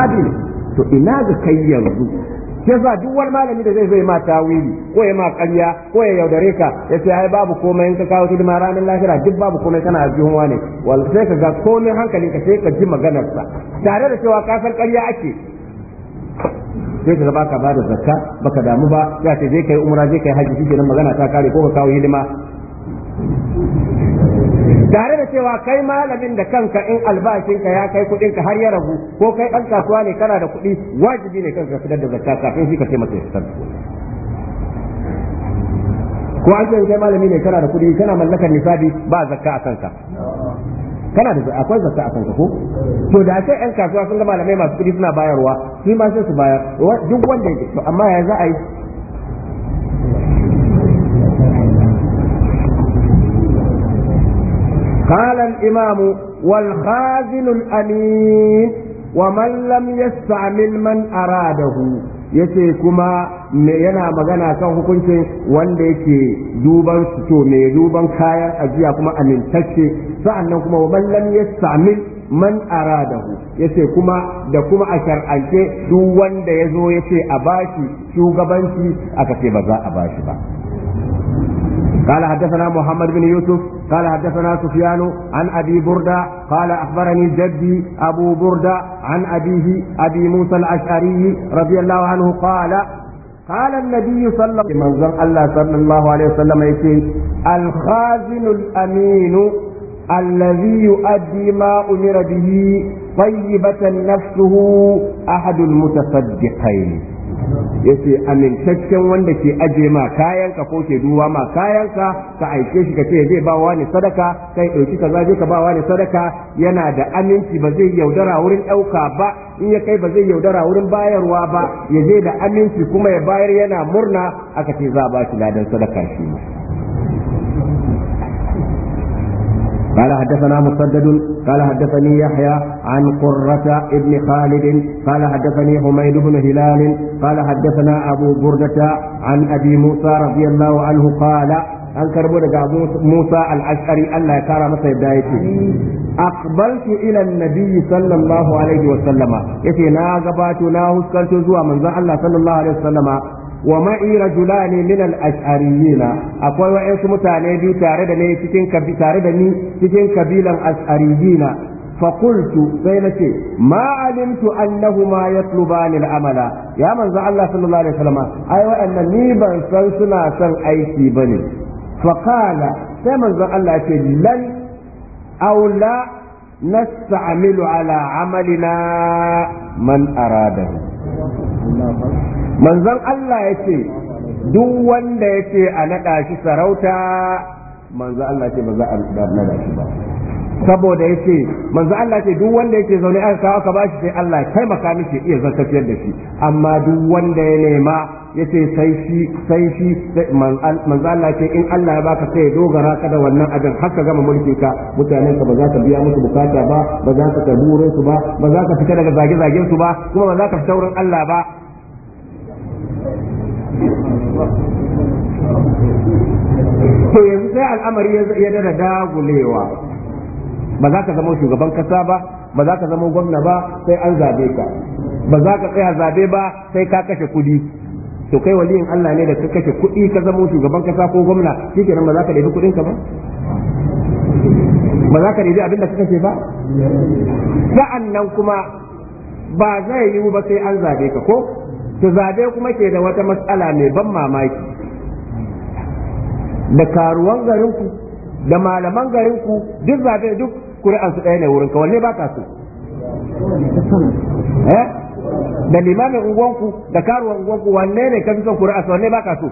sahabi ne to ina ga kai yanzu ke sa duk wani malami da zai zai ma tawili ko ya ma ƙarya ko ya yaudare ka ya ce ai babu komai in ka kawo da ranar lahira duk babu komai kana aljihun wane wal sai ka ga komai hankalinka sai ka ji maganar sa tare da cewa ka san ƙarya ake sai ka ka ba da zakka baka damu ba ya ce zai kai umra zai kai haji shi ne magana ta kare ko ka kawo hidima tare da cewa kai malamin da kanka in albashinka ya kai kuɗin ka har ya ragu ko kai ɗan kasuwa ne kana da kuɗi wajibi ne kanka fitar da zakka kafin shi ka taimaka ya fitar ko an kai malami ne kana da kuɗi kana mallakar nisabi ba zakka a kanka kana da akwai zakka a kanka ko to da sai yan kasuwa sun ga malamai masu kuɗi suna bayarwa shi ma sai su bayar duk wanda yake to amma ya za a yi قال الإمام والخازن الأمين ومن لم يستعمل من أراده yace kuma me yana magana kan hukuncin wanda yake duban to mai duban kayan ajiya kuma amintacce sa'annan kuma man lam yastamil man aradahu yace kuma da kuma a shar'ance duk wanda yazo yace a bashi shugabanci aka ce ba za a bashi ba قال حدثنا محمد بن يوسف قال حدثنا سفيان عن أبي بردة قال أخبرني جدي أبو بردة عن أبيه أبي موسى الأشعري رضي الله عنه قال قال النبي صلى الله, صلى الله عليه وسلم يقول الخازن الأمين الذي يؤدي ما أمر به طيبة نفسه أحد المتصدقين yace amintaccen wanda ke aje ma kayanka ko ke duba ma kayanka ka aike shi ka ce zai ba wani sadaka kai ɗauki ka zaje ka ba wani sadaka yana da aminci ba zai yaudara wurin ɗauka ba in ya kai ba zai yaudara wurin bayarwa ba ya je da aminci kuma ya bayar yana murna aka ce za ba shi ladan sadaka shi ma قال حدثنا مسدد قال حدثني يحيى عن قرة ابن خالد قال حدثني حميد بن هلال قال حدثنا أبو بردة عن أبي موسى رضي الله عنه قال an karbo daga Musa al-Ash'ari Allah ya kara masa yadda yake aqbaltu ila an-nabi sallallahu alaihi wa sallama yace na gabato na huskanto zuwa manzon Allah sallallahu alaihi wa sallama wa ma'i rajulani min al-ash'ariyina akwai wa'ansu mutane biyu tare da ni cikin kabi tare da ni cikin kabilan ash'ariyina fa qultu sai ma alimtu annahuma yatlubani al-amala ya manzo Allah sallallahu alaihi wasallam ai wa'annan ni ban san suna son aiki bane fa qala sai manzo Allah ya ce lan aw la nasta'milu ala amalina man aradahu manzon Allah yace duk wanda yace a nada shi sarauta manzon Allah yace ba za a nada shi ba saboda yace manzo Allah ce duk wanda yake zaune aka kawo aka bashi sai Allah ya taimaka mishi iya zakafiyar da shi amma duk wanda ya nema yace sai shi sai shi manzo Allah ce in Allah ya baka sai dogara ka da wannan har haka gama mulki ka mutanen ka ba za ka biya musu bukata ba ba za ka tabure su ba ba za ka fita daga zage zagen su ba kuma ba za ka fita wurin Allah ba to yanzu sai al'amari ya dada dagulewa ba za ka zama shugaban kasa ba ba za ka zama gwamna ba sai an zabe ka ba za ka tsaya zabe ba sai ka kashe kuɗi to kai waliyin Allah ne da ka kashe kuɗi ka zama shugaban kasa ko gwamna nan ba za ka ɗebi kuɗin ba ba za ka ɗebi abin da ka kashe ba sa'an nan kuma ba zai yiwu ba sai an zabe ka ko to zabe kuma ke da wata matsala mai ban mamaki da karuwan garinku da malaman garinku duk zabe duk ƙuri'an su ɗaya ne wurin kawai ne ba ka eh da limamin unguwanku da karuwan unguwanku wanne ne ka fi son ƙuri'a su wanne ba ka su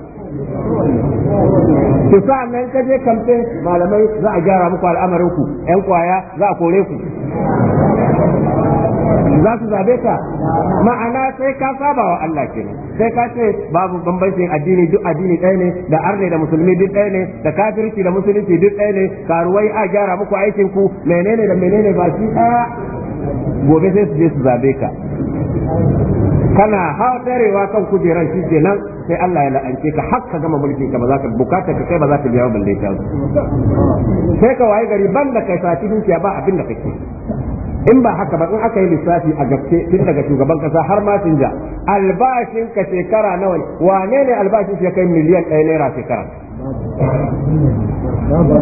ki sa nan ka je kamfe malamai za a gyara muku al'amarin ku ƴan kwaya za a kore ku za su zabe ka ma'ana sai ka saba wa Allah kenan sai ka ce babu bambanci addini duk addini ɗaya ne da arne da musulmi duk ɗaya ne da kafirci da musulunci duk ɗaya ne karuwai a gyara muku aikin ku menene da menene ba shi ɗaya gobe sai su je su zabe ka kana hautarewa kan kujerar shi nan sai Allah ya la'ance ka har gama mulkin ka ba za ka bukata ka kai ba za ka biya balle ta sai ka waye gari ban da kai sati dukiya ba abin da kake in ba haka ba in aka yi lissafi a gaske tun daga shugaban kasa har ma sun ja. albashin ka shekara nawa wane ne albashin shi ya kai miliyan ɗaya naira shekara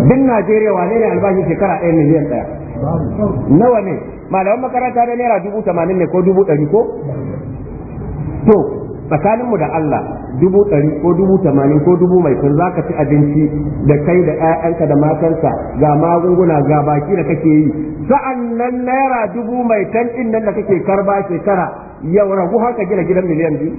din Najeriya wane ne albashin shekara ɗaya miliyan ɗaya nawa ne malaman makaranta da naira dubu tamanin ne ko dubu ɗari ko to tsakaninmu da Allah dubu ɗari ko dubu tamanin ko dubu mai kun za ka ci abinci da kai da 'ya'yanka da matanka ga magunguna ga baki da kake yi sa'an nan naira dubu mai tan ɗin nan da kake karba shekara yau ragu haka gina gidan miliyan biyu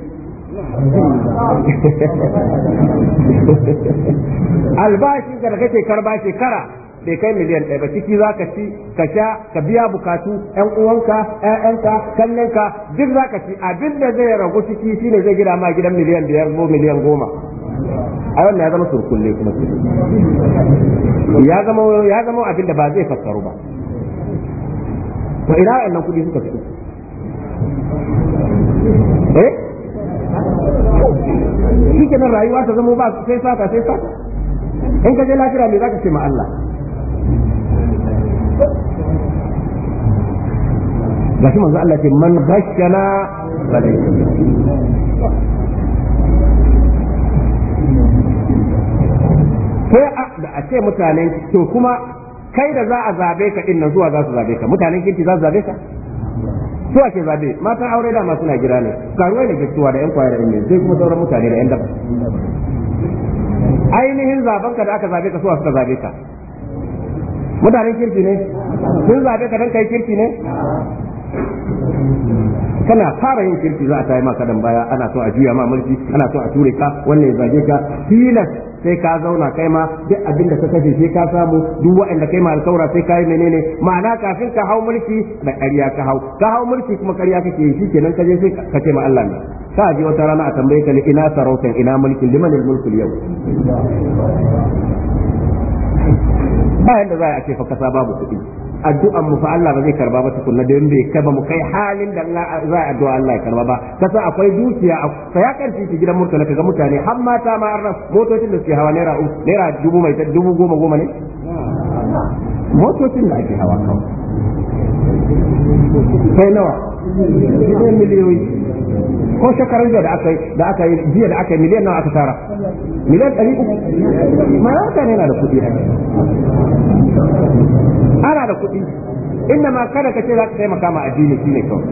albashin da kake karba shekara bai kai miliyan ɗaya ba ciki za ka ci ka sha ka biya bukatu ƴan uwanka ƴaƴanka kallonka duk za ka ci abin da zai ragu ciki shine zai gida ma gidan miliyan biyar ko miliyan goma a wannan ya zama surkulle kuma ya zama ya zama abin da ba zai fassaru ba to ina wannan kuɗi suka fito eh shi kenan rayuwa ta zama ba sai sata sai sata in ka je lafiya me za ka ce ma Allah gashi manzo Allah ce man ghashana falaysa ko da a ce mutanen to kuma kai da za a zabe ka din nan zuwa za su zabe ka mutanen kinki za su zabe ka su ake zabe matan aure dama suna gida ne Karuwa ne gaskiya da yan kwaya da yan sai kuma sauran mutane da yan daba ainihin zaben ka da aka zabe ka suwa suka zabe ka mutanen kirki ne sun zabe ka dan kai kirki ne kana fara yin kirki za a tayi maka dan baya ana so a juya ma mulki ana so a ture ka wannan ya zage ka tilas sai ka zauna kai ma duk abin da ka kashe sai ka samu duk waɗanda kai ma alkaura sai ka yi menene ma'ana kafin ka hau mulki da ƙarya ka hau ka hau mulki kuma ƙarya kake yi shikenan ka je sai ka ce ma Allah ne ka ji wata rana a tambaye ka ina sarautan ina mulkin liman mulkul yau ba yanda za a ce fa kasa babu kuɗi addu'an mu fa Allah ba zai karba ba tukunna da bai kai ba mu kai halin da Allah za a addu'a Allah ya karba ba kasa akwai dukiya fa ya karfi ki gidan murtala kaga mutane har mata ma arna motocin da suke hawa naira naira dubu mai dubu goma goma ne motocin da ake hawa kawai kai nawa miliyoyi ko shekarar da aka yi da aka yi jiya da aka yi miliyan nawa aka tara miliyan ɗari uku ma mutane na da kuɗi ana da kuɗi inda ma kada ka ce za ka taimaka ma addini shi ne kawai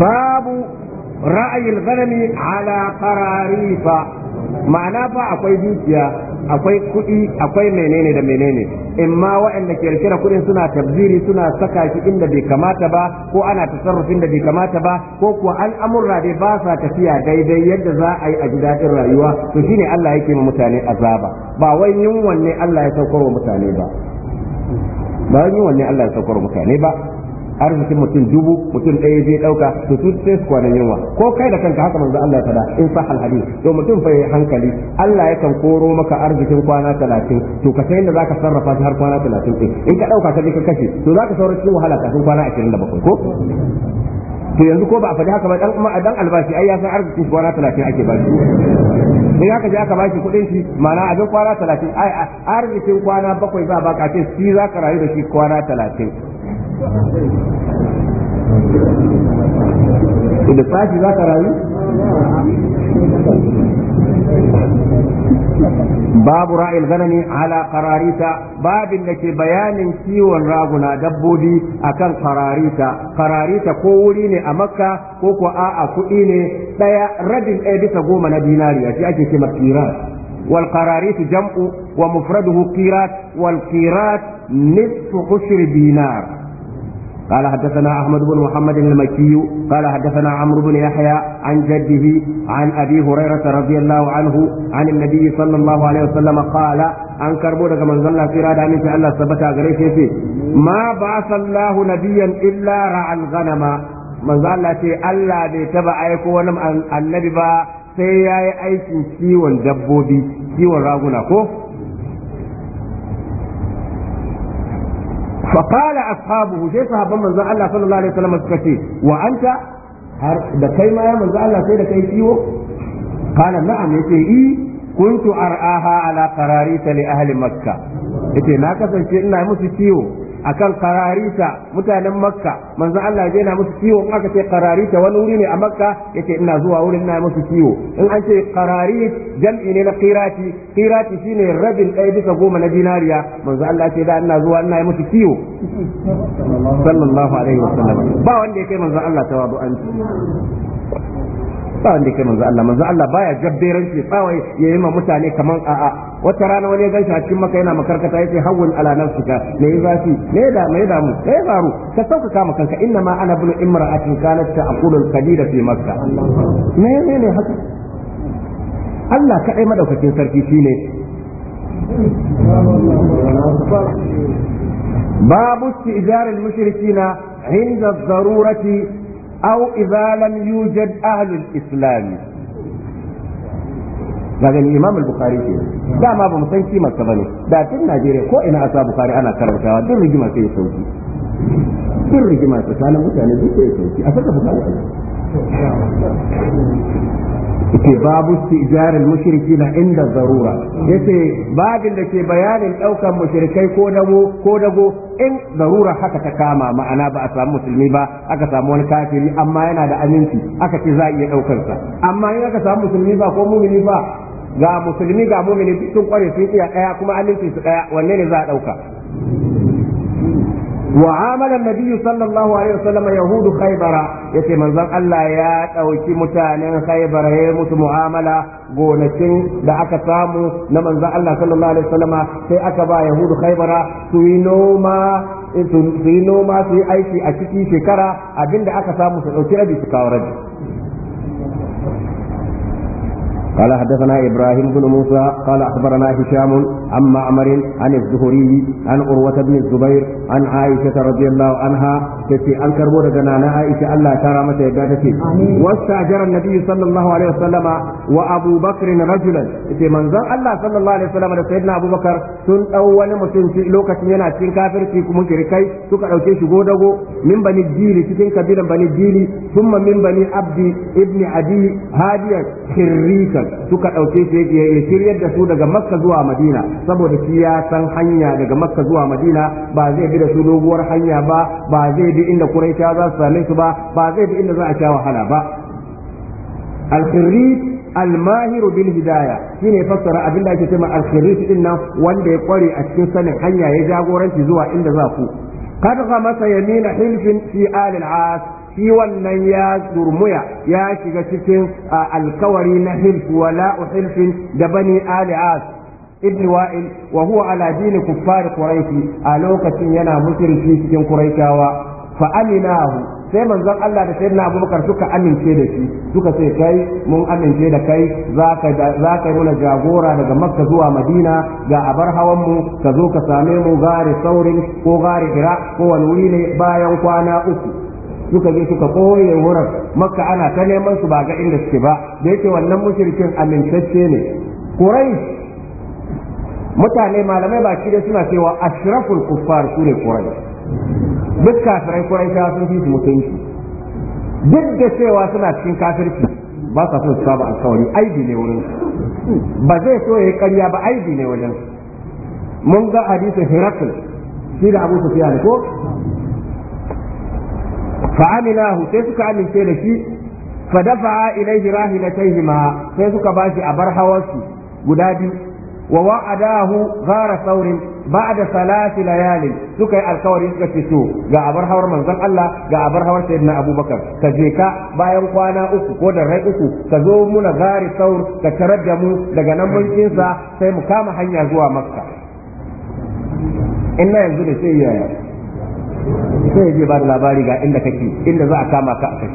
babu ra'ayin ganami ala qararifa ma'ana fa akwai dukiya akwai kuɗi akwai menene da menene in ma waɗanda ke rike da kuɗin suna tabziri suna saka shi inda bai kamata ba ko ana tasarrufin da bai kamata ba ko kuwa al'amurra dai ba sa tafiya daidai yadda za a yi a ji rayuwa to shine Allah yake ma mutane azaba ba wai yunwan ne Allah ya saukar wa mutane ba ba wai yunwan ne Allah ya saukar wa mutane ba arzikin mutum dubu mutum ɗaya zai ɗauka to su sai su kwanan yunwa ko kai da kanka haka manzo Allah ya faɗa in hal hadith to mutum fa yi hankali Allah ya kan koro maka arzikin kwana talatin to ka san da zaka sarrafa shi har kwana talatin ɗin in ka ɗauka ka je ka kashe to zaka saura cikin wahala kafin kwana ashirin da bakwai ko to yanzu ko ba a faɗi haka ba dan dan albashi ai ya san arzikin shi kwana talatin ake ba shi sai haka je aka bashi kuɗin shi mana a duk kwana talatin ai arzikin kwana bakwai ba ba kace shi za ka rayu da shi kwana talatin da tsafi za ka rayu babu ra'il ganami ala qararita babin da ke bayanin kiwon raguna dabbobi akan kararita kararita ko wuri ne a makka ko ko a'a kuɗi ne ɗaya rabin ɗaya bisa goma na dinari shi ake ce makiran والقراريس جمع wal قيرات والقيرات نصف عشر dinar. قال حدثنا أحمد بن محمد المكي قال حدثنا عمرو بن يحيى عن جده عن أبي هريرة رضي الله عنه عن النبي صلى الله عليه وسلم قال an karbo daga manzon Allah sai da aminci Allah sabata gare shi yace ma ba'atha Allah nabiyan illa ra'al ghanama manzon Allah ce Allah bai taba aiko wani annabi ba sai yi aikin ciwon dabbobi ciwon raguna ko فقال أصحابه sai sahabban manzon Allah sallallahu alaihi wasallam suka ce wa anta da kai ma ya manzo Allah sai da kai ciwo قال نعم yace i kuntu ar'aha ala tali li ahli makkah yace na kasance ina musu ciwo akan qararita mutanen makka manzo Allah ya na musu ciwo in aka ce qararita wani wuri ne a makka yake ina zuwa wurin na musu ciwo in an ce qararit jam'i ne na qirati qirati shine rabin ɗaya bisa goma na dinariya manzo Allah ya ce da ina zuwa ina musu ciwo sallallahu alaihi wasallam ba wanda ya kai manzo Allah tawadu'an ba wanda kai manzo Allah manzo Allah baya jabberanci ya yi ma mutane kamar a'a wata rana wani ya ganshi a cikin maka yana makarkata yace hawwal ala nafsika me ya zafi me da me da mu kai faru ka sauka kama kanka inna ma ana bulu imra'atin kanat ta'qulu al-qalila fi makka me ne ne haka Allah kadai madaukakin sarki shine babu istijar al-mushrikina inda zarurati aw idza lam yujad ahlul islam daga imam al-bukhari ke dama ba mu san kimar sa da tun najeriya ko ina asa bukhari ana karantawa duk rigima sai ya sauki duk rigima tsakanin mutane duk sai sauki a saka ke babu ijarin mushriki na inda zarura yace babin da ke bayanin daukan mushrikai ko dago ko dago in zarura haka ta kama ma'ana ba a samu musulmi ba aka samu wani kafiri amma yana da aminci aka ce za a iya daukar amma in aka samu musulmi ba ko mumini ba ga musulmi ga mumini sun kware sun iya daya kuma aminci su daya wanne ne za a dauka وعامل النبي صلى الله عليه وسلم يهود خيبر يتي منزل الله يا dauki mutanen haibara ya mutu mu'amala gonakin da aka samu na manzon Allah sallallahu alaihi wasallama sai aka ba yahudu khaybara su noma su yi noma su yi aiki a ciki shekara abinda aka samu su ɗauki rabi su قال حدثنا ابراهيم بن موسى قال اخبرنا هشام عن معمر عن الزهري عن عروه بن الزبير عن عائشه رضي الله عنها تتي انكر ودغنا انا عائشه الله ترى متى يغاتتي واستاجر النبي صلى الله عليه وسلم وابو بكر رجلا تتي منزل الله صلى الله عليه وسلم da sayyidina abubakar sun dau wani mutum lokacin yana cikin kafirci kuma shirkai suka dauke shi godago min bani jili cikin kabilan bani jili thumma min bani abdi ibni adi hadiyan shirrika suka ɗauke shi ya shiryar da su daga Makka zuwa Madina saboda shi ya san hanya daga Makka zuwa Madina ba zai bi da su doguwar hanya ba ba zai bi inda Quraysh za su same su ba ba zai bi inda za a sha wahala ba al mahir bil hidaya shine fassara abin da ake cewa al-khirij din nan wanda ya kware a cikin sanin hanya ya jagoranci zuwa inda za ku kada ga masa yamina hilfin fi al-as shi wannan ya durmuya ya shiga cikin alkawari na hilf wala da bani ali as ibn wa'il wa huwa ala dini kuffar quraishi a lokacin yana musulunci cikin quraishawa fa aminahu sai manzon Allah da sayyidina Abubakar suka amince da shi suka ce kai mun amince da kai zaka zaka yi mana jagora daga Makka zuwa Madina ga abar hawan mu ka zo ka same mu gari saurin ko gari hira ko wani wuri ne bayan kwana uku suka je suka koye wurin makka ana ta neman su ba ga inda suke ba da yake wannan mushrikin amintacce ne kurai mutane malamai baki da suna cewa ashraful kuffar su ne kurai duk kafirai kurai ta sun fi su mutunci duk da cewa suna cikin kafirci ba sa son su saba alkawari aibi ne wurin ba zai so ya yi karya ba aibi ne wajen mun ga hadisin hirakul shi da abu sufiyan ko fa'amilahu sai suka amince da shi fa dafa ilaihi rahilatayhima sai suka bashi a bar hawarsu guda biyu wa wa'adahu ghara saurin ba'da salati layali suka yi alkawari suka ce to ga bar hawar manzon Allah ga bar hawar sayyidina Abubakar ka je ka bayan kwana uku ko da rai uku ka zo muna gari saur ka tarar da mu daga nan mun sai mu kama hanya zuwa Makka na yanzu da sai yaya sai ya je ba da labari ga inda kake inda za a kama ka a kai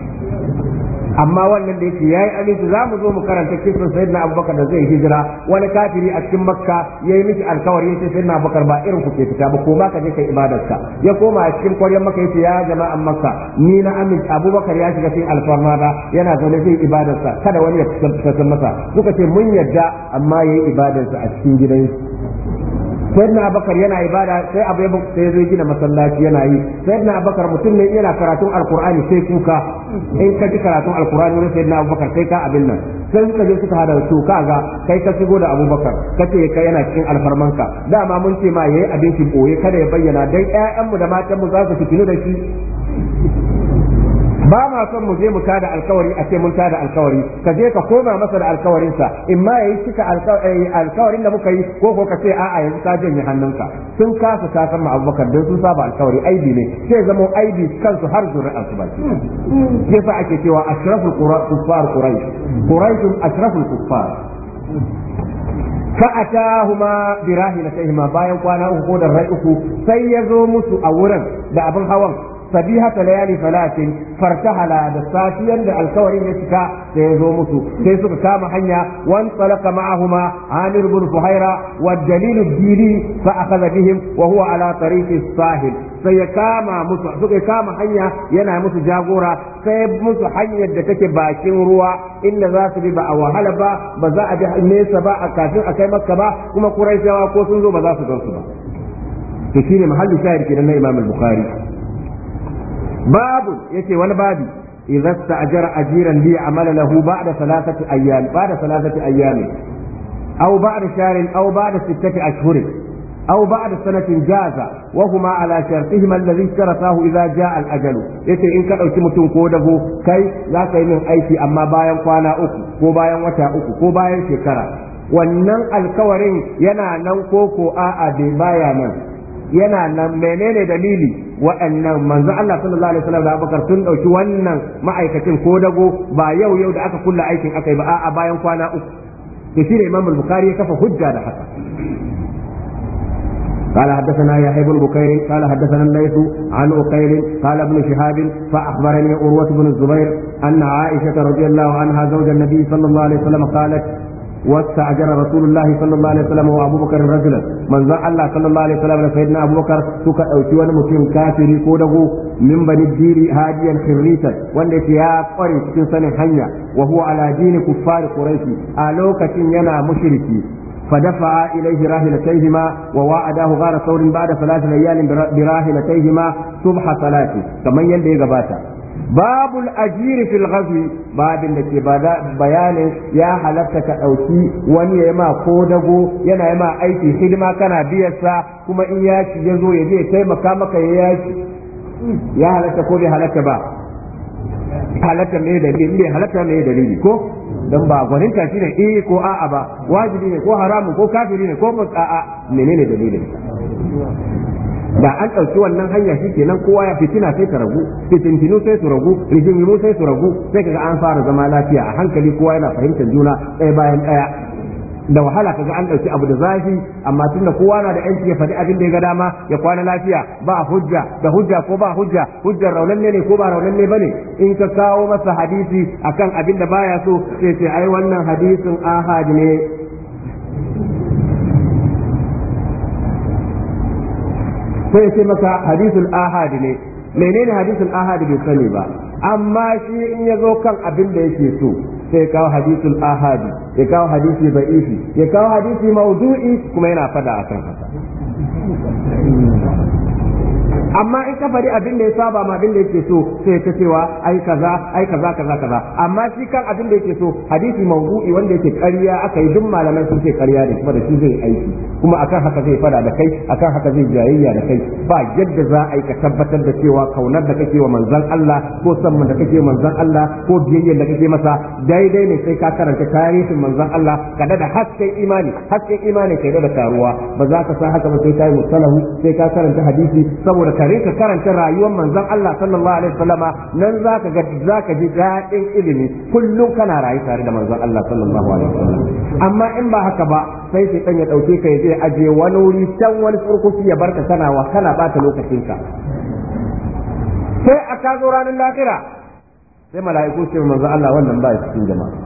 amma wannan da yake yayi aminci za mu zo mu karanta kisan sayyidina abubakar da zai hijira wani kafiri a cikin makka yayi miki alkawari yace sayyidina abubakar ba irin ku ke fita ba ko ka je kai ibadarka ya koma a cikin kwaryan makka yace ya jama'an makka ni na aminci abubakar ya shiga cikin alfarma ba yana zaune zai ibadarsa kada wani ya fitar masa kuka ce mun yadda amma yayi ibadarsa a cikin gidansa na abakar yana ibada sai abu ya sai zai gina masallaci yana yi na abakar mutum ne yana karatun alqur'ani sai kuka in ka ji karatun alqur'ani ne na abakar sai ka abin nan sai suka je suka hada to kaga kai ka shigo da abubakar kace kai yana cikin alfarmanka dama mun ce ma yayi abincin boye kada ya bayyana dan ƴaƴan mu da matan mu za su fitinu da shi ba ma son mu je mu tada alkawari a ce mun tada alkawari ka je ka koma masa da alkawarin sa in ma yayi cika eh, alkawarin da muka yi ko ko ka ce a yanzu ka janye hannunka sun kasa ta san Abubakar dan sun saba alkawari aibi ne sai zama aibi kansu har zuri'ar su baki yasa ake cewa ashraful kuffar quraish quraish ashraful kuffar فأتاهما uku باين uku sai ya أخو musu a أورا da abin hawan. sabihata layali salatin fartahala da safiyar da alkawarin ya cika da ya zo musu sai suka kama hanya wan talaka ma'ahuma amir bin fuhaira wa dalil dili fa akhadha bihim wa huwa ala tariqi sahil sai ya kama musu suka kama hanya yana musu jagora sai musu hanyar da take bakin ruwa inda za su bi ba a wahala ba ba za a bi nesa ba a kafin a kai makka ba kuma kuraishawa ko sun zo ba za su su ba to shine mahallu shahid kenan na imam al-bukhari babu yace wani babi idza sta'jara ajiran li amala lahu ba'da thalathati ayyam ba'da thalathati au aw ba'da shahrin aw ba'da sittati ashhurin aw ba'da sanatin jaza wa huma ala shartihima alladhi sharatahu idza ja'a al-ajalu yace in ka ɗauki mutum ko dago kai za ka yi min aiki amma bayan kwana uku ko bayan wata uku ko bayan shekara wannan alkawarin yana nan ko ko a'a bai baya nan yana nan menene dalili wa'annan manzo Allah sallallahu alaihi wasallam da Abubakar sun dauki wannan ma'aikacin ko dago ba yau yau da aka kulla aikin aka yi ba a'a bayan kwana uku to shi ne Imam Bukhari ya kafa hujja da haka قال حدثنا يحيى بن بكير قال حدثنا الليث عن أقيل قال ابن شهاب فأخبرني أروة بن الزبير أن عائشة رضي الله عنها زوج النبي صلى الله عليه وسلم قالت واستعجل رسول الله صلى الله عليه وسلم وابو بكر رجلا من ذا الله صلى الله عليه وسلم سيدنا ابو بكر suka dauki wani mutum kafiri ko dago min bani diri hadiyan khirrita wanda yake ya kware cikin sanin hanya wa huwa ala dini kuffar quraish a lokacin yana mushriki فدفع إليه راحلتيهما ووعده غار ثور بعد ثلاث ليال براحلتيهما صبح صلاته كما يلي غباتا Babu ajiri fil ghazwi babin da ke bayanin ya halatta ka ɗauki wani ya ma ko dago yana yi ma aiki hidima kana biyarsa kuma in yaki ya zo ya je taimaka maka ya yaki ya halatta ko bai halatta ba halatta dalili bai halatta dalili ko dan ba gwaninta shine eh ko a'a ba wajibi ne ko haramun ko kafiri ne ko a'a menene dalilin da an ɗauki wannan hanya shi kenan kowa ya fitina sai ta ragu fitintinu sai su ragu rigingimu sai su ragu sai kaga an fara zama lafiya a hankali kowa yana fahimtar juna ɗaya bayan ɗaya da wahala kaga an ɗauki abu da zafi amma tun da kowa na da yanci ya faɗi abin da ya ga dama ya kwana lafiya ba hujja da hujja ko ba hujja hujjar raunanne ne ko ba raunanne bane in ka kawo masa hadisi akan abin da baya so sai sai ai wannan hadisin ahad ne sai ya ce maka hadisul ahad ne menene hadisul ahad bai sani ba amma shi in ya zo kan abin da yake so sai ya kawo hadisul ahad ya kawo hadisi ba'ifi ya kawo hadisi maudu'i kuma yana fada akan haka amma in ka faɗi abin da ya saba ma abin da yake so sai ta cewa ai kaza ai kaza kaza kaza amma shi kan abin da yake so hadisi mawdu'i wanda yake ƙarya aka yi duk malamai sun ce ƙarya ne kuma da shi zai aiki kuma akan haka zai fada da kai akan haka zai jayayya da kai ba yadda za a yi ka tabbatar da cewa kaunar da kake wa manzon Allah ko samman da kake manzon Allah ko biyayyar da kake masa daidai ne sai ka karanta tarihin manzon Allah ka da hasken imani hasken imani kai da karuwa ba za ka san haka ba sai kai musalahu sai ka karanta hadisi saboda ka rinka karanta rayuwar manzon Allah sallallahu alaihi wasallama nan zaka ga zaka ji daɗin ilimi kullum kana rayu tare da manzon Allah sallallahu alaihi wasallam amma in ba haka ba sai sai ya dauke ka ya je aje wani wuri can wani furkuki ya barka kana wa kana bata lokacin ka sai a ka zo ranar lafira sai mala'iku ce manzon Allah wannan ba cikin jama'a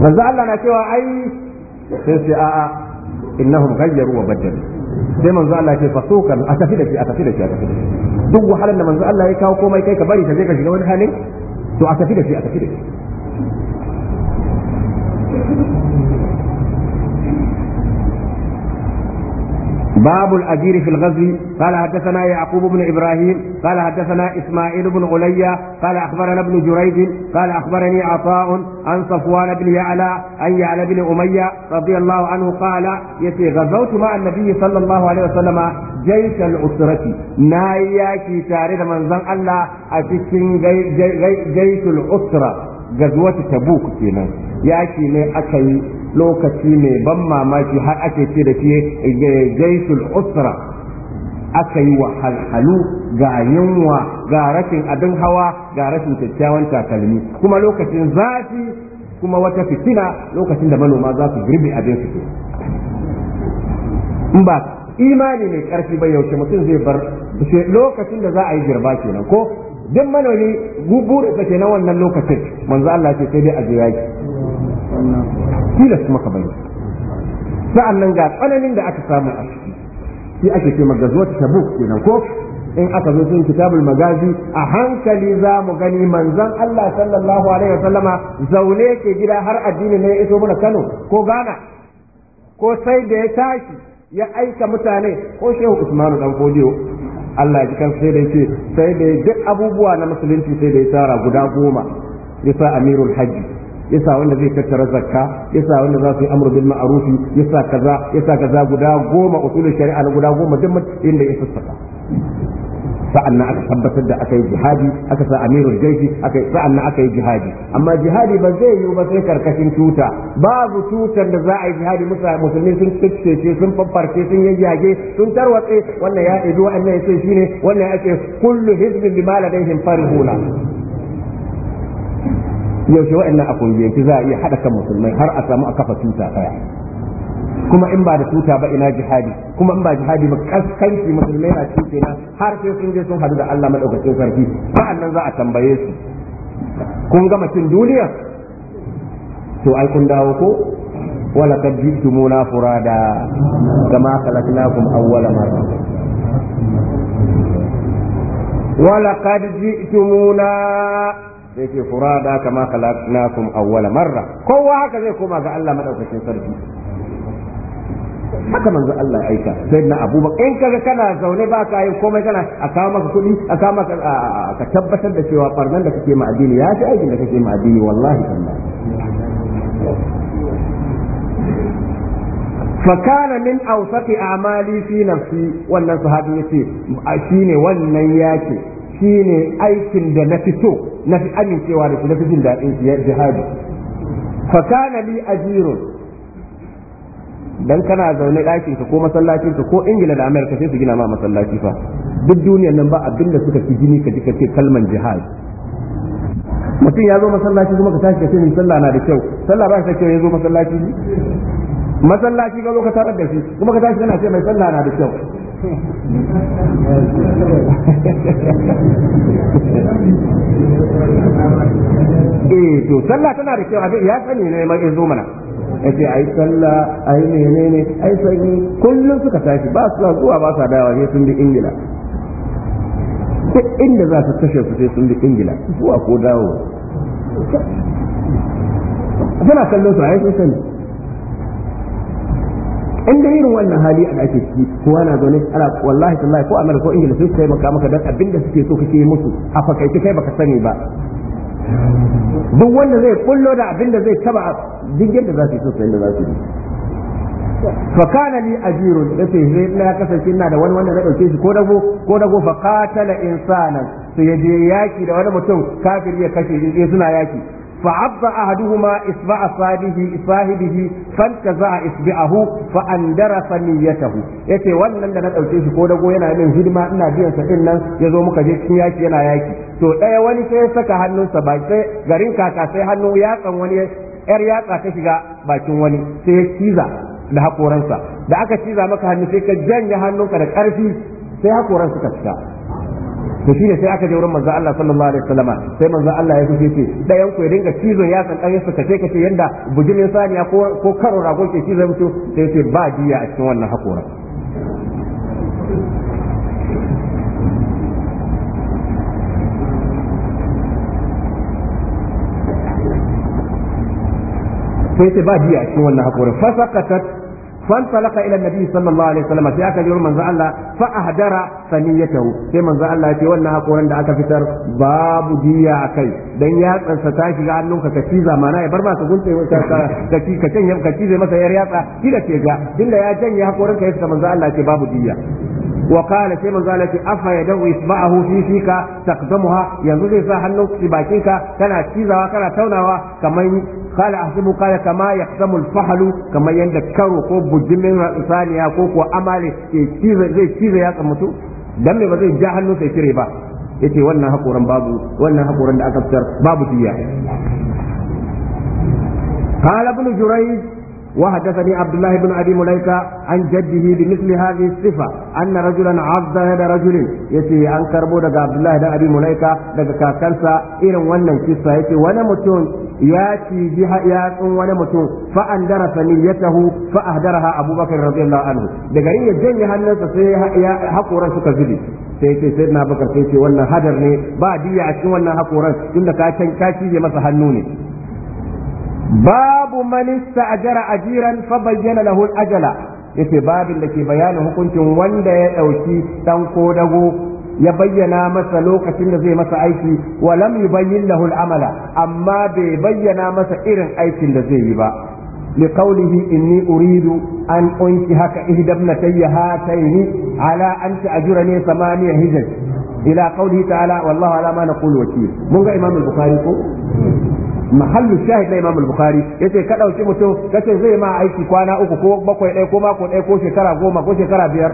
manzon Allah na cewa ai sai sai a'a innahum ghayyaru wa badalu sai manzo Allah ce fasukan a tafi da shi a tafi da shi a tafi da shi duk wahalar da manzo Allah ya kawo komai kai ka bari ka je ka shiga wani halin to a tafi da shi a tafi da shi باب الأجير في الغزو قال حدثنا يعقوب بن إبراهيم قال حدثنا إسماعيل بن علي قال أخبرنا ابن جريج قال أخبرني عطاء عن صفوان بن يعلى عن يعلى بن أمية رضي الله عنه قال يتي غزوت مع النبي صلى الله عليه وسلم جيش الأسرة ناياكي تارد من زن الله أتشن جيش الأسرة غزوة تبوك فينا ياكي ne aka yi lokaci mai ban mamaki har ake ce da ke eh, gaisul usra aka yi wa halhalu ga yunwa ga rashin abin hawa ga rashin kyakkyawan takalmi kuma lokacin zafi kuma wata fitina lokacin da manoma za su girbe abin su ke in ba imani mai karfi ba yaushe mutum zai bar lokacin da za a yi girba kenan ko duk manomi gubu da kenan wannan lokacin manzo Allah ce sai dai a yaki tilas maka bane sa'annan ga tsananin da aka samu a ciki shi ake ce magazuwa ta tabuk kenan ko in aka zo cikin kitabul magazi a hankali za mu gani manzon Allah sallallahu alaihi wasallama zaune ke gida har addini ne ya iso mana Kano ko Ghana ko sai da ya tashi ya aika mutane ko Shehu Usmanu dan Kodiyo Allah ji kan sai da yake sai da duk abubuwa na musulunci sai da ya tara guda goma ya sa Amirul Hajji yasa wanda zai tattara zakka yasa wanda za su yi amru bil ma'ruf yasa kaza yasa kaza guda goma usulul shari'a na guda goma duk inda ya sassaka sa'annan aka tabbatar da aka yi jihadi aka sa amirul jaishi aka sa'annan aka yi jihadi amma jihadi ba zai yi ba sai karkashin tuta babu tutar da za a yi jihadi musulmi sun kikkece sun fanfarce sun yayyage sun tarwatse wannan ya ido wannan ya ce shine wannan ya ce kullu hizbin bima ladaihim farihuna yaushe wa'annan a kungiyanci za a iya haɗa kan musulmai har a samu a kafa tuta ɗaya kuma in ba da tuta ba ina jihadi kuma in ba jihadi ba kaskanci musulmai na cikin na har sai sun je sun hadu da Allah madaukakin sarki nan za a tambaye su kun ga mutum duniya to ai kun dawo ko wala kad jitumuna furada kama khalaqnakum awwala marra wala kad jitumuna sai ce furada kama khalaqnakum awwala marra kowa haka zai koma ga Allah madaukakin sarki haka manzo Allah aika sai na abubakar in kaga kana zaune ba ka yi komai kana a kawo maka kuɗi a kawo maka ka tabbatar da cewa farnan da kake ma addini ya fi aikin da kake ma addini wallahi tallahi فكان min أوسط amali fi nafsi wannan sahabi yace shine wannan yake shine aikin da na fi so na fi amincewa da shi na fi jin daɗin shi jihadi fa kana li ajirun dan kana zaune ɗakin ka ko masallacin ka ko ingila da amerika sai su gina ma masallaci fa duk duniyar nan ba abin da suka fi jini ka ji ka ce kalman jihad mutum ya zo masallaci kuma ka tashi ka ce min sallah na da kyau sallah ba shi da kyau ya zo masallaci masallaci ka zo ka tarar da shi kuma ka tashi kana ce mai sallah na da kyau eh to sallah tana da kyau ya sani ne mai zo mana ce ai sallah ai menene ai sanyi kullum suka tashi ba su zuwa ba sa dawa sai sun bi ingila duk inda za su kashe su sai sun bi ingila zuwa ko dawo suna kallon su a sun sani in dai irin wannan hali ana ake ciki kuwa na zaune ana wallahi tallahi ko Amerika ko Ingila sai taimaka maka don abin da suke so kake mutu a fakaice kai baka sani ba duk wanda zai kullo da abin da zai taba duk yadda za su so sai da za su yi fakana li ajirun yace sai na kasance na da wani wanda na dauke shi ko dago ko dago fakatala insanan sai ya je yaki da wani mutum kafin ya kashe shi suna yaki isba'a فعض أحدهما إصبع صاحبه فانتزع إصبعه فأندر ثنيته yace wannan da na ɗauke shi ko dago yana min hidima ina biyan sa nan ya zo muka je cikin yaki yana yaki to ɗaya wani sai ya saka hannunsa ba sai garin kaka sai hannu yatsan wani yar yatsa ta shiga bakin wani sai ya ciza da hakoransa da aka ciza maka hannu sai ka jan hannunka da ƙarfi sai hakoran suka fita to shine sai aka je wurin manzo Allah sallallahu alaihi wasallama sai manzo Allah ya fice ce dayan ku ya dinga cizon ya san dan yasa kace kace yanda bujimin saniya ko ko karo rago ke cizon mutu sai ce ba jiya a cikin wannan hakora sai ce ba jiya a cikin wannan hakora fasaqatat فانطلق الى النبي صلى الله عليه وسلم في اكل يوم من الله فاهدر فنيته في من الله في ولنا قرن دا aka fitar babu diya kai dan ya tsansa ta shiga annunka ka ci zamana ya bar ba ka gunte wata ka ka ci ka canya masa yar yatsa kida ke ga dinda ya janye hakorin ka yasa manzo Allah ce babu diya wa qala sai manzo Allah ce afa ya dawu isba'ahu fi yanzu zai sa hannunka bakinka tana cizawa kana taunawa kamar قال أحسب قال كما يقسم الفحل كما يندكر كو بجمن ثانية كو كو أمالي زي كيزة يا كمتو دمي بزي جاهل نسي شريبا yace wannan hakoran babu wannan hakoran da aka fitar babu tiya قال ابن jurayj وحدثني عبد الله بن ابي مليكه عن جده بمثل هذه الصفه ان رجلا عض يد رجل يتي عن كربو دغ عبد الله بن ابي مليكه دغ كاكنسا irin wannan kissa yace wani mutum ya ciji yatsun wani mutum fa an ya niyyatahu fa ahdaraha abubakar radiyallahu anhu Daga yin ya janye hannunsa sai ya hakoran suka zube sai ce sai na bakar sai ce wannan hadar ne ba diya a cikin wannan hakoran tunda ka ka cije masa hannu ne باب من a jiran fa له الأجل yake babin da ke bayanin hukuncin wanda ya ɗauki ɗan ko ya bayyana masa lokacin da zai masa aiki wa lam yubayyin lahu al'amala amma bai bayyana masa irin aikin da zai yi ba li qawlihi inni uridu an unki haka ihdabnatayya hataini ala an ta'jura ni samaniya hijaj ila qawlihi ta'ala wallahu ala ma naqulu wakil mun ga imam al-bukhari ko mahallu shahid na Imam al-Bukhari yace ka dauki mutum kace zai ma aiki kwana uku ko bakwai ɗaya ko mako ɗaya ko shekara goma ko shekara biyar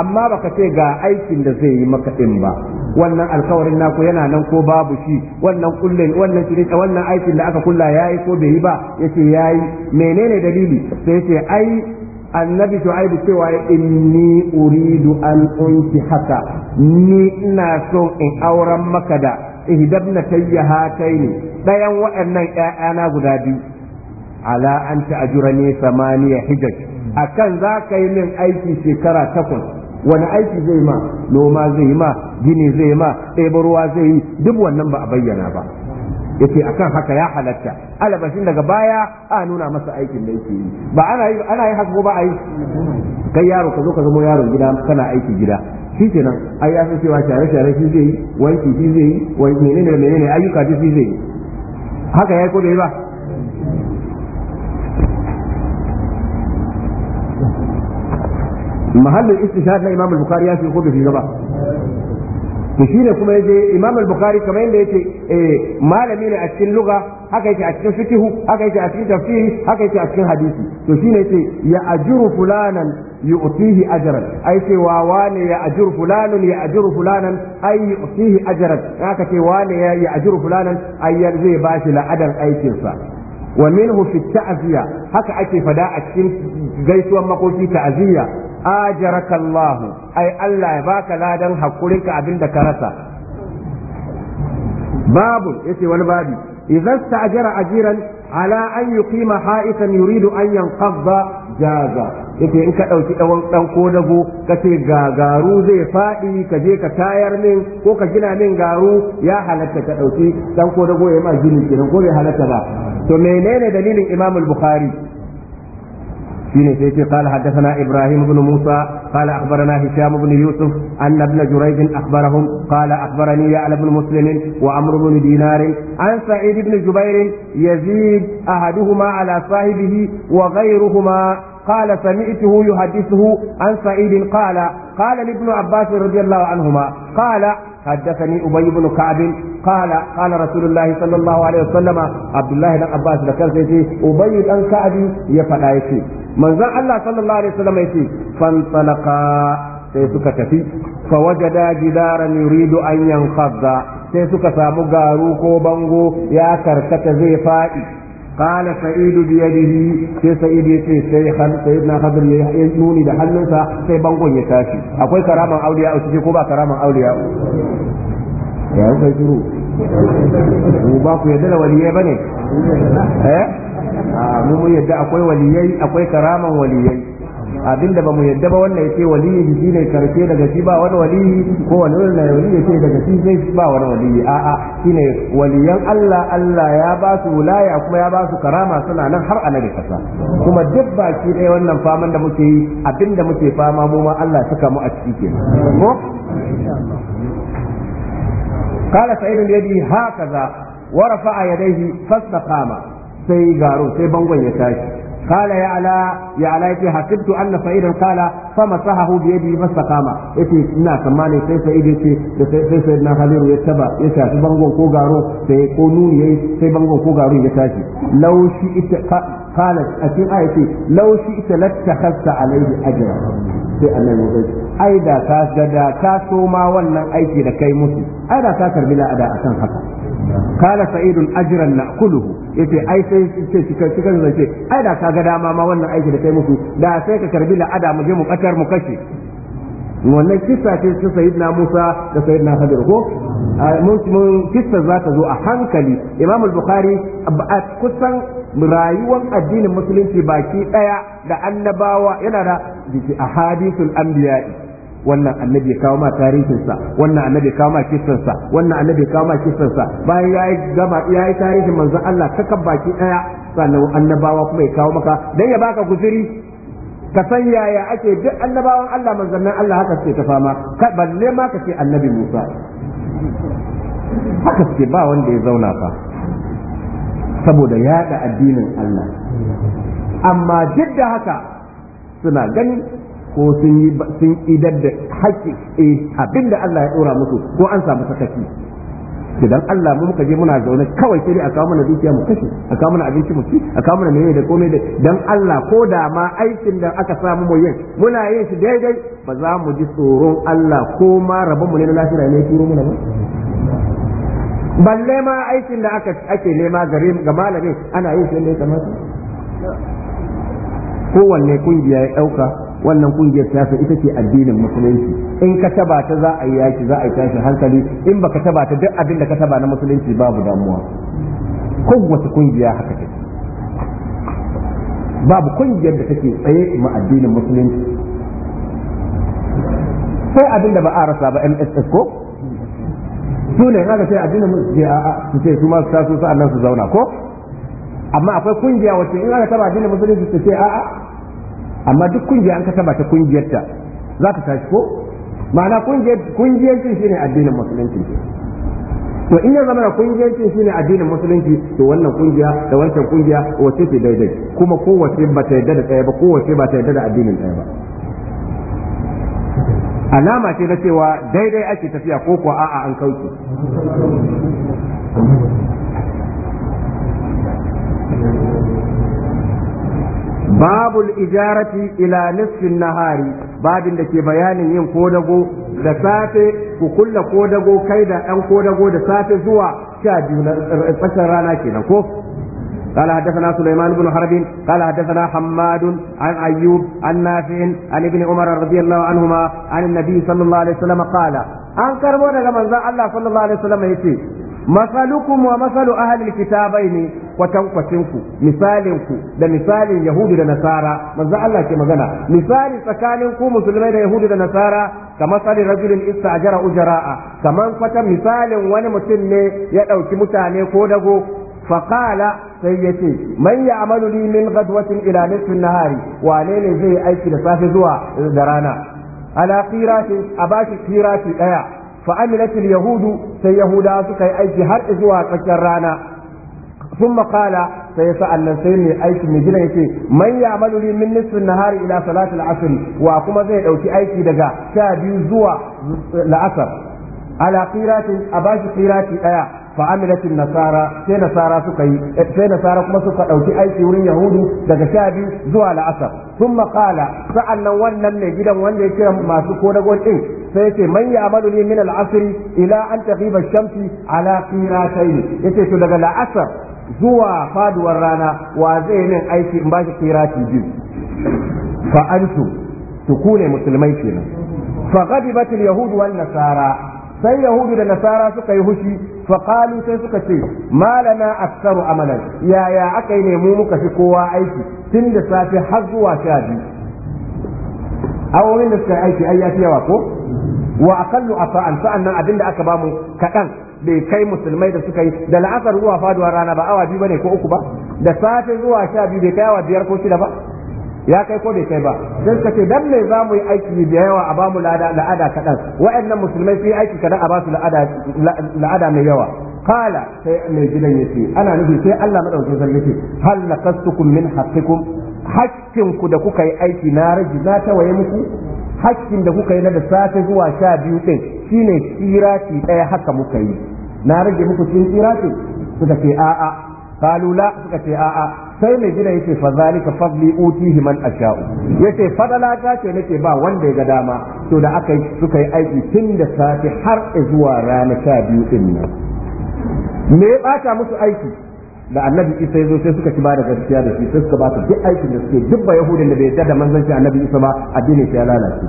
amma baka ce ga aikin da zai yi maka din ba wannan alkawarin naku yana nan ko babu shi wannan kullin wannan wannan aikin da aka kulla yayi ko bai yi ba yace yayi menene dalili sai yace ai annabi shu'aibu cewa inni uridu an unki haka ni ina so in auren maka da ihdabna tayya ne. dayan waɗannan ƴaƴana guda biyu ala an ne samaniya hijaj akan za ka yi min aiki shekara takwas wani aiki zai ma noma zai ma gini zai ma ɗebo ruwa zai yi duk wannan ba a bayyana ba yace akan haka ya halatta alabashin daga baya a nuna masa aikin da yake yi ba ana yi ana yi haka ba a yi kai yaro ka zo ka zama yaron gida kana aiki gida shi nan ai ya san cewa share share shi zai yi wanki shi zai yi menene da menene ayyuka duk shi zai yi haka yayi yi bai ba mahallin istishar na imam al ya fi ko fi gaba to shine kuma yaje Imam al-Bukhari kamar yadda yace eh malami ne a cikin lugha haka yake a cikin fikihu haka yake a cikin tafsiri haka yake a cikin hadisi to shine yace ya ajuru fulanan yu'tihi ajran ai ce wa wane ya ajuru fulanan ya ajuru fulanan ai yu'tihi ajran haka ce wane ya ya ajuru fulanan ai zai bashi la'adan aikin sa wa minhu fi ta'ziya haka ake fada a cikin gaisuwar makoki ta'ziya ajarakallahu ai Allah ya baka ladan hakurin ka abinda ka rasa babu yace wani babi ta ajira ajiran ala an yuqima ha'isan yuridu an yanqadha jaza yace in ka dauki dan dan ko dago ka ce gagaru zai fadi ka je ka tayar min ko ka gina min garu ya halatta ka dauki dan ko dago yayi ma gini kenan ko bai halatta ba to menene dalilin Imam al-Bukhari shine sai ce qala haddathana ibrahim ibn musa qala akhbarana hisham ibn yusuf anna ibn jurayj akhbarahum qala akhbarani ya ibn muslim wa amr ibn dinar an sa'id ibn jubair yazid ahaduhuma ala wa ghayruhuma قال سمعته يحدثه عن سعيد قال قال لابن عباس رضي الله عنهما قال حدثني أبي بن كعب قال قال رسول الله صلى الله عليه وسلم عبد الله بن عباس ذكر سيدي بن كعب يفدايتي manzon Allah sallallahu alaihi wasallam yace fantalaqa sai suka tafi fa wajada jidaran yuridu an yanqadha sai suka samu garu ko bango ya karkata zai fadi قال Sa'idu بيده sai سعيد يتي سي خل سيدنا خضر da hannunsa, sai سي ya tashi. akwai karaman auliya a cikin ko ba karaman auliya ya kai shiru ba ku yadda da waliyai bane eh a mu yadda akwai waliyai akwai karaman waliyai abinda ba mu yadda ba wannan yace waliyi shi ne karshe daga shi ba wani waliyi ko wani wani waliyi yace daga shi zai ba wani waliyi a a shine waliyan Allah Allah ya ba su wilaya kuma ya ba su karama suna nan har annabi kasa kuma duk baki ɗaya wannan faman da muke yi abinda muke fama mu ma Allah suka mu a ciki kenan ko قال سعيد الذي هكذا ورفع يديه فاستقام sai garo sai bangon ya tashi قال يا علا يا علا يتي حسبت ان سعيدا قال فمسحه بيده فاستقام yake ina tsammani sai sa'id yace da sai sai na haliru ya taba ya tashi bangon ko garo sai ko nuni yayi sai bangon ko garo ya tashi law shi ita قال أتين آيتي ita شئت لاتخذت عليه ajra sai annabi ya ce ai da ka da ka so ma wannan aiki da kai musu ai da ka karbi la'ada akan haka قال سعيد ajran ناكله يتي اي سي ce سي sai كان ce اي دا ka ga dama ma wannan aiki da kai musu da sai ka karbi la'ada mu je mu katar mu kashe wannan kissa ce ta sayyidina Musa da sayyidina Khadir ko mun kissa za ta zo a hankali Imam al-Bukhari kusan rayuwar addinin musulunci baki daya da annabawa yana da ahadithul anbiya'i wannan annabi ya kawo ma tarihinsa wannan annabi ya kawo ma kissansa wannan annabi ya kawo ma kissansa bayan ya yi gama ya yi tarihin manzon Allah Kaka kan baki daya sannan annabawa kuma ya kawo maka dan ya baka guzuri ka san yaya ake duk annabawan Allah manzannin Allah haka suke ta fama balle ma ka ce annabi Musa haka suke ba wanda ya zauna fa saboda yaɗa addinin Allah amma duk da haka suna gani ko sun yi sun idar da haƙƙi eh abinda Allah ya dora musu ko an samu sakaki idan Allah mu muka je muna zaune kawai sai a kawo mana dukiya mu kashe a kawo mana abinci mu ci a kawo mana meye da komai da dan Allah ko da ma aikin da aka samu mu yin muna yin shi daidai ba za mu ji tsoron Allah ko ma rabon mu ne na lafiya ne turo mu ne balle ma aikin da aka ake nema gare ga malamin ana yin shi ne kamar kowanne kungiya ya dauka wannan kungiyar siyasa ita ce addinin musulunci in ka taba ta za a yi yaki za a yi tashi hankali in baka taba ta duk abin da ka taba na musulunci babu damuwa kowace kungiya haka take babu kungiyar da take tsaye ma addinin musulunci sai abin da ba a rasa ba MSS ko su ne haka sai addinin musulunci a su ce su ma su taso sa'annan su zauna ko amma akwai kungiya wacce in aka taba addinin musulunci su ce a'a amma duk kungiya an ka taba ta ta za ta tashi ko ma'ana kungiyancin shine addinin musulunci to in ya zama na kungiyancin shine addinin musulunci to wannan kungiya da wancan kungiya wace ce daidai kuma kowace ba ta yarda da ɗaya ba kowace ba ta yarda da addinin ɗaya ba alama ce na cewa daidai ake tafiya ko ko a'a an kauce babul ijarati ila nisfin nahari babin da ke bayanin yin kodago da safe ku kulla kodago kai da ɗan kodago da safe zuwa sha biyu na eh, rana kenan ko قال حدثنا سليمان بن حرب قال حدثنا حماد عن أيوب عن نافع عن ابن عمر رضي الله عنهما عن النبي صلى الله عليه وسلم قال an karbo daga manzon Allah sallallahu alaihi wasallam masalukum wa masalu ahlil kitabaini kwatankwacin ku misalin ku da misalin yahudu da nasara manzo Allah ke magana misali tsakanin ku musulmai da yahudu da nasara kamar a jara istajara ujara'a kamar kwata misalin wani mutum ne ya ɗauki mutane ko dago faqala sai yace man ya'malu li min ghadwatin ila nisfin nahari wane ne zai aiki da safe zuwa da rana ala qirati a bashi qirati daya فعملت اليهود سيهودا سكي أيكي هر إزوا تكرانا ثم قال سيسأل نسيني أيكي مجنة يكي من يعمل لي من نصف النهار إلى صلاة العصر وأقوم زي أوكي أيكي دقا شابي زوا لأثر على قيرات أباش قيرات أيا فعملت النصارى سي نصارى سكي سي نصارى كما سكا أوكي أيكي ورين يهود دقا شابي زوا لأثر ثم قال سألنا ونن جدا ونن يكي ما سكونا قول إيه sai yace man ya'malu li min al-'asr ila an taghiba ash-shamsi ala qiratayn yace to daga la'asar zuwa faduwar rana wa zai yin aiki in bashi qirati biyu fa antum tukune musulmai kenan fa ghadibat al-yahud wan nasara sai yahudu da nasara suka yi hushi faƙalu sai suka ce malana aksaru amalan yaya aka yi ne mu muka fi kowa aiki tun da safe har zuwa sha biyu awoyin da suka aiki ai yafi yawa ko wa aqallu afa'an abin da aka bamu kadan bai kai musulmai da suka yi da la'asar zuwa faduwar rana ba awa biyu bane ko uku ba da safe zuwa sha biyu bai kai awa biyar ko shida ba ya kai ko bai kai ba sai suka ce dan me za mu yi aiki da yawa a bamu la'ada la'ada kadan wa'annan musulmai su yi aiki kadan a basu la'ada la'ada mai yawa kala sai mai gidan yace ana nufi sai Allah madaukakin sarki yace hal lakastukum min haqqikum hakkin ku da kuka yi aiki na rage na tawaye muku hakkin da kuka yi na da safe zuwa sha biyu ɗin shine tsirati ɗaya haka muka yi na rage muku cikin tsirati suka ce a'a kalula la suka ce a'a sai mai gida yace fa zalika fadli utihi man asha'u yace fadala ta ce nake ba wanda ya ga dama to da aka suka yi aiki tun da safe har zuwa rana sha biyu ɗin nan me ya bata musu aiki da annabi isa ya zo sai suka ci ba da gaskiya da shi sai suka ba su duk aikin da suke duk ba yahudin da bai yarda da manzanci annabi isa ba addinin ya lalace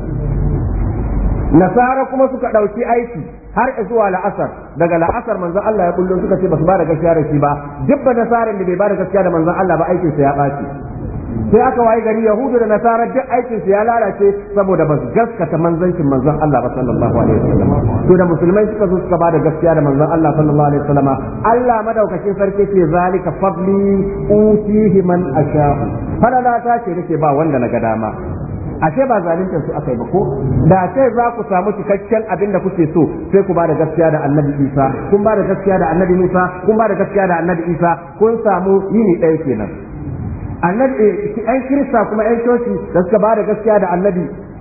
nasara kuma suka ɗauki aiki har zuwa la'asar daga la'asar manzon Allah ya kullum suka ce ba su ba da gaskiya da shi ba duk ba nasaran da bai ba da gaskiya da manzon Allah ba aikin sa ya ɓaci sai aka waye gari yahudu da nasara duk aikin su ya lalace saboda ba su gaskata manzancin manzon Allah ba sallallahu alaihi wasallam to da musulmai suka zo suka bada gaskiya da manzon Allah sallallahu alaihi wasallam Allah madaukakin sarki ce zalika fadli utihi man asha falala ta ce nake ba wanda na ga dama ashe ba zalincin su aka yi ba ko da ce za ku samu cikakken abin da kuke so sai ku ba da gaskiya da annabi isa kun ba da gaskiya da annabi musa kun ba da gaskiya da annabi isa kun samu yini ɗaya kenan annabi ai kirista kuma ai coci da suka ba da gaskiya da annabi